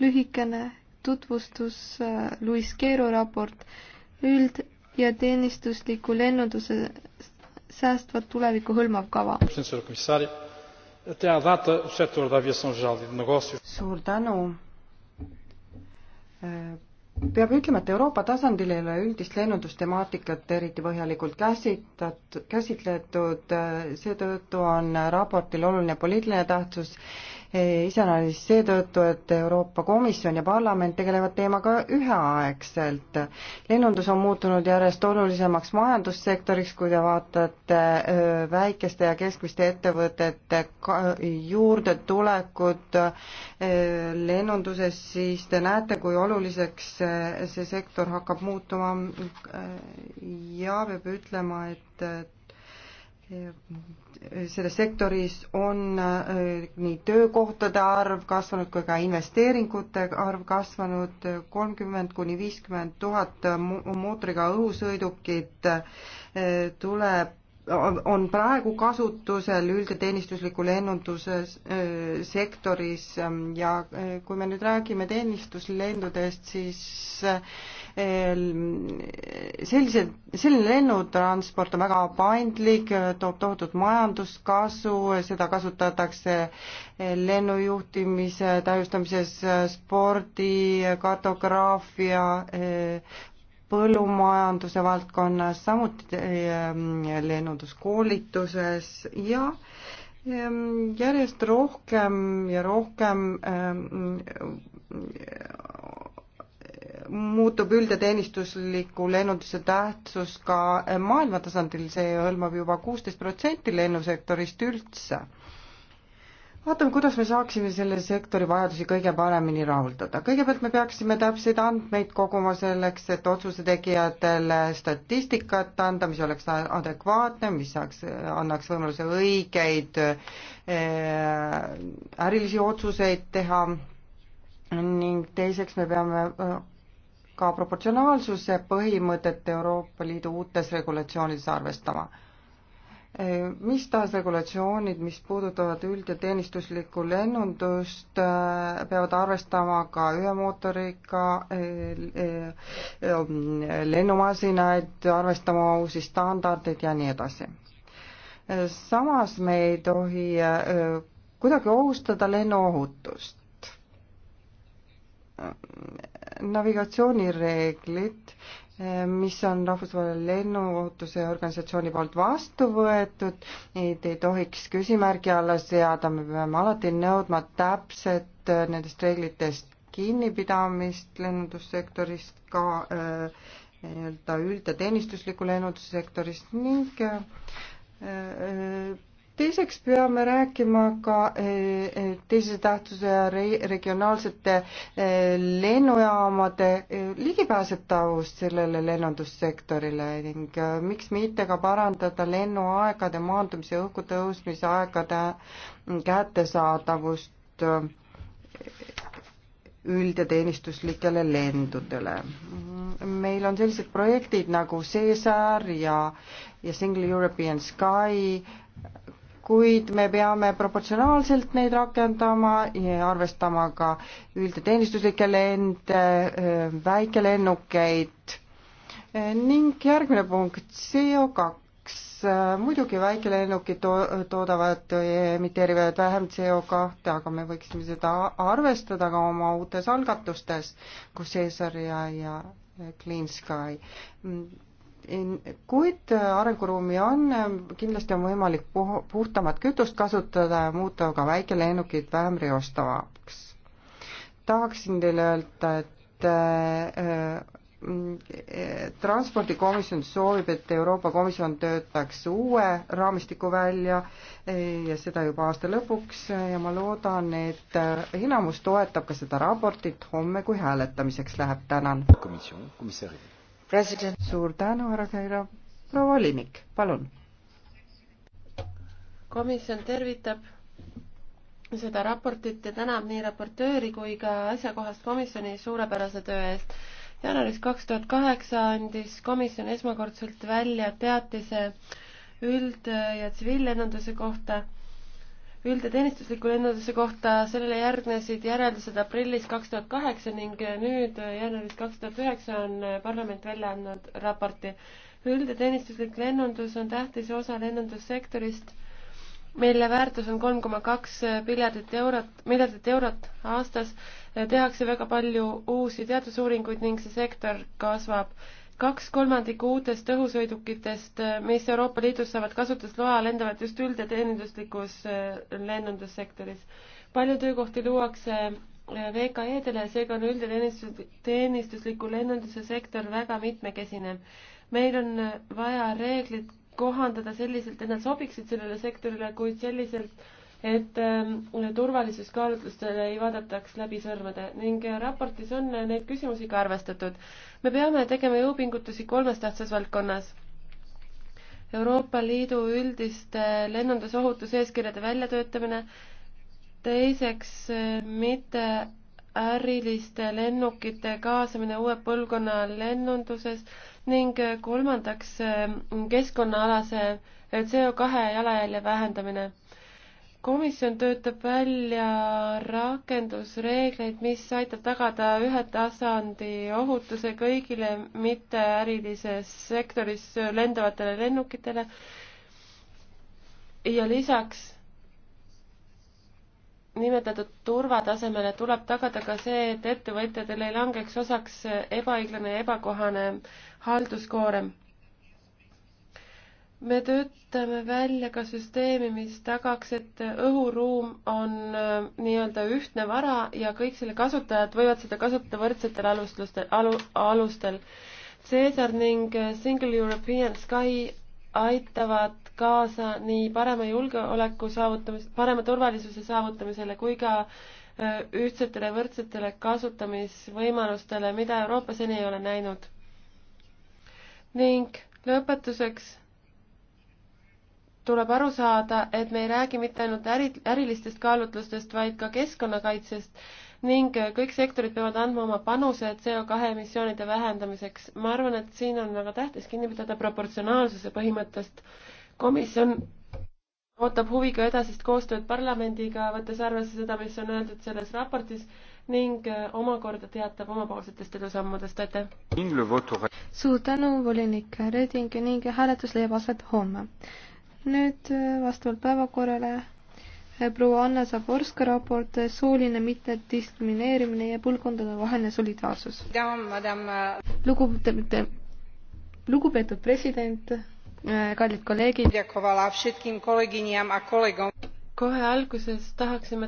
lühikene tutvustus äh, Luis Keero raport üld- ja teenistusliku lennunduse säästvat tulevikku hõlmav kava. E suur tänu. Äh, peab ütlema, et Euroopa tasandil ei ole üldist lennundustemaatikat eriti põhjalikult käsitletud, käsitletud, äh, seetõttu on raportil oluline poliitiline tähtsus E, iseenesest seetõttu, et Euroopa Komisjon ja parlament tegelevad teemaga üheaegselt. lennundus on muutunud järjest olulisemaks majandussektoriks, kui te vaatate e, väikeste ja keskmiste ettevõtete juurdetulekut e, lennunduses, siis te näete, kui oluliseks see sektor hakkab muutuma ja peab ütlema, et selles sektoris on äh, nii töökohtade arv kasvanud kui ka investeeringute arv kasvanud, kolmkümmend kuni viiskümmend tuhat mootoriga õhusõidukit äh, tuleb on praegu kasutusel üldeteenistusliku lennunduse sektoris ähm, ja äh, kui me nüüd räägime teenistuslendudest, siis äh, sellised, selline lennutransport on väga paindlik, äh, toob tohutut majanduskasu, seda kasutatakse lennujuhtimise täiustamises, spordi, kartograafia, põllumajanduse valdkonnas, samuti ähm, lennunduskoolituses ja ähm, järjest rohkem ja rohkem ähm, muutub üldeteenistusliku lennunduse tähtsus ka äh, maailma tasandil, see hõlmab juba kuusteist protsenti lennusektorist üldse vaatame, kuidas me saaksime selle sektori vajadusi kõige paremini rahuldada. kõigepealt me peaksime täpseid andmeid koguma selleks, et otsuse tegijatele statistikat anda, mis oleks adekvaatne, mis saaks, annaks võimaluse õigeid eh, ärilisi otsuseid teha ning teiseks me peame eh, ka proportsionaalsuse põhimõtet Euroopa Liidu uutes regulatsioonides arvestama mis tahes regulatsioonid, mis puudutavad üld- ja teenistuslikku lennundust, äh, peavad arvestama ka ühe mootoriga äh, äh, lennumasinaid, arvestama uusi standardeid ja nii edasi. samas me ei tohi kuidagi ohustada lennuohutust navigatsioonireeglid, mis on Rahvusvahelise Lennuohutuse Organisatsiooni poolt vastu võetud, neid ei tohiks küsimärgi alla seada, me peame alati nõudma täpset äh, nendest reeglitest kinnipidamist lennundussektoris, ka äh, nii-öelda üldteenistuslikku lennundussektorist ning äh, teiseks peame rääkima ka eh, eh, teise tähtsuse ja regionaalsete eh, lennujaamade ligipääsetavust sellele lennundussektorile ning miks mitte ka parandada lennuaegade maandumise ja õhkutõusmise aegade kättesaadavust üldeteenistuslikele lendudele. meil on sellised projektid nagu CESAR ja, ja Single European Sky, kuid me peame proportsionaalselt neid rakendama ja arvestama ka üldteenistuslikke lende, väikelennukeid ning järgmine punkt, CO2. muidugi väikelennukid to-, toodavad, emiteerivad vähem CO2, aga me võiksime seda arvestada ka oma uutes algatustes, kus Cesar ja, ja Clean Sky kuid arenguruumi on, kindlasti on võimalik puh-, puhtamat kütust kasutada ja muuta ka väikelennukid vähem reostavaks. tahaksin teile öelda, et äh, äh, transpordikomisjon soovib, et Euroopa Komisjon töötaks uue raamistiku välja äh, ja seda juba aasta lõpuks ja ma loodan, et enamus toetab ka seda raportit homme, kui hääletamiseks läheb. tänan. komisjon, komissari president. suur tänu, härra Kaira. proua volinik, palun. komisjon tervitab seda raportit ja tänab nii raportööri kui ka asjakohast komisjoni suurepärase töö eest. jaanuaris kaks tuhat kaheksa andis komisjon esmakordselt välja teatise üld- ja tsiviillennunduse kohta üldeteenistusliku lennunduse kohta, sellele järgnesid järeldused aprillis kaks tuhat kaheksa ning nüüd jaanuaris kaks tuhat üheksa on parlament välja andnud raporti. üldeteenistuslik lennundus on tähtis osa lennundussektorist, mille väärtus on kolm koma kaks miljardit eurot, miljardit eurot aastas. tehakse väga palju uusi teadusuuringuid ning see sektor kasvab kaks kolmandikku uutest õhusõidukitest, mis Euroopa Liidus saavad kasutusloa, lendavad just üld- ja teeninduslikus äh, lennundussektoris. palju töökohti luuakse äh, VKE-dele, seega on üld- ja teenistus, teenistusliku lennunduse sektor väga mitmekesine. meil on vaja reeglid kohandada selliselt, et nad sobiksid sellele sektorile, kuid selliselt, et ähm, turvalisuskaalutlustel ei vaadataks läbi sõrmede ning raportis on neid küsimusi ka arvestatud. me peame tegema jõupingutusi kolmes tähtsas valdkonnas. Euroopa Liidu üldiste lennundusohutuseeskirjade väljatöötamine, teiseks äh, mitte äriliste lennukite kaasamine uue põlvkonna lennunduses ning äh, kolmandaks äh, keskkonnaalase CO2 jalajälje vähendamine komisjon töötab välja rakendusreegleid, mis aitab tagada ühe tasandi ohutuse kõigile mitteärilises sektoris lendavatele lennukitele. ja lisaks nimetatud turvatasemele tuleb tagada ka see, et ettevõtjatele ei langeks osaks ebaõiglane ja ebakohane halduskoorem me töötame välja ka süsteemi, mis tagaks, et õhuruum on äh, nii-öelda ühtne vara ja kõik selle kasutajad võivad seda kasutada võrdsetel alustustel, alu-, alustel. Caesar ning äh, Single European Sky aitavad kaasa nii parema julgeoleku saavutamise, parema turvalisuse saavutamisele kui ka äh, ühtsetele võrdsetele kasutamisvõimalustele, mida Euroopa seni ei ole näinud. ning lõpetuseks tuleb aru saada, et me ei räägi mitte ainult äri, ärilistest kaalutlustest, vaid ka keskkonnakaitsest ning kõik sektorid peavad andma oma panuse CO2 emissioonide vähendamiseks. ma arvan, et siin on väga tähtis kinni pidada proportsionaalsuse põhimõttest. komisjon ootab huviga edasist koostööd parlamendiga, võttes arvesse seda, mis on öeldud selles raportis ning äh, omakorda teatab omapoolsetest edusammudest, aitäh! suur tänu, volinik Reding ning hääletus leiab aset homme nüüd äh, vastavalt päevakorrale äh, proua Anna Zaborska raport äh, Sooline mittediskrimineerimine ja põlvkondadevaheline solidaarsus. lugupeetud, lugupeetud president, kallid kolleegid. kohe alguses tahaksime